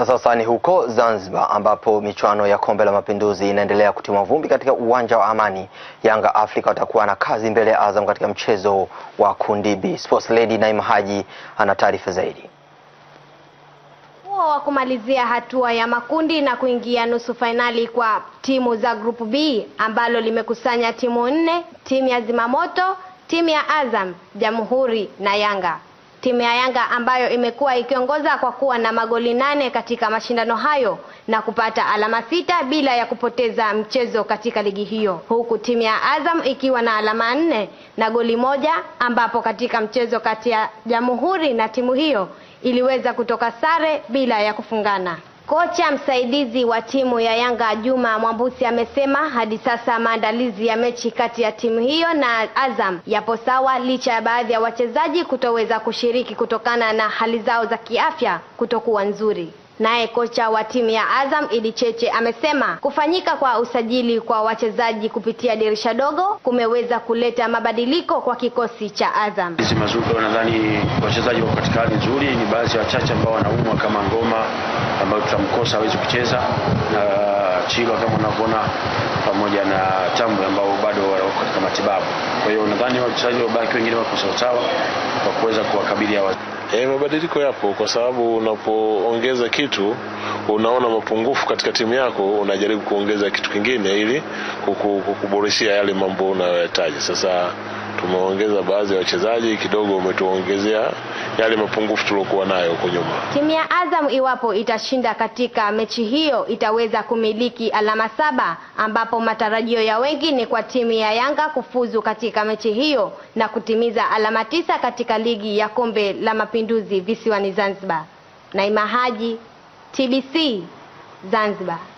Na sasa ni huko Zanzibar ambapo michuano ya Kombe la Mapinduzi inaendelea kutimwa vumbi katika uwanja wa Amani. Yanga afrika watakuwa na kazi mbele ya Azam katika mchezo wa kundi B. Sports Lady Naima Haji ana taarifa zaidi wa kumalizia hatua ya makundi na kuingia nusu fainali kwa timu za grupu B ambalo limekusanya timu nne, timu ya Zimamoto, timu ya Azam, Jamhuri na Yanga timu ya Yanga ambayo imekuwa ikiongoza kwa kuwa na magoli nane katika mashindano hayo na kupata alama sita bila ya kupoteza mchezo katika ligi hiyo, huku timu ya Azam ikiwa na alama nne na goli moja, ambapo katika mchezo kati ya Jamhuri na timu hiyo iliweza kutoka sare bila ya kufungana. Kocha msaidizi wa timu ya Yanga Juma Mwambusi amesema hadi sasa maandalizi ya mechi kati ya timu hiyo na Azam yapo sawa licha ya baadhi ya wachezaji kutoweza kushiriki kutokana na hali zao za kiafya kutokuwa nzuri. Naye kocha wa timu ya Azam Idi Cheche amesema kufanyika kwa usajili kwa wachezaji kupitia dirisha dogo kumeweza kuleta mabadiliko kwa kikosi cha Azam. mazuri, nadhani wachezaji wako katika hali nzuri, ni baadhi ya wachache ambao wanaumwa kama Ngoma ambayo tutamkosa hawezi kucheza na Chilo kama unavyoona pamoja na Tambwe ambao bado wako katika matibabu. Kwa hiyo nadhani wachezaji wabaki wengine wako sawasawa kwa kuweza hawa E, mabadiliko yapo kwa sababu unapoongeza kitu unaona mapungufu katika timu yako, unajaribu kuongeza kitu kingine ili kukuboreshia yale mambo unayoyataja sasa tumeongeza baadhi ya wachezaji, kidogo umetuongezea yale mapungufu tuliokuwa nayo huko nyuma. Timu ya Azam iwapo itashinda katika mechi hiyo itaweza kumiliki alama saba, ambapo matarajio ya wengi ni kwa timu ya Yanga kufuzu katika mechi hiyo na kutimiza alama tisa katika ligi ya Kombe la Mapinduzi visiwani Zanzibar. Naima Haji, TBC Zanzibar.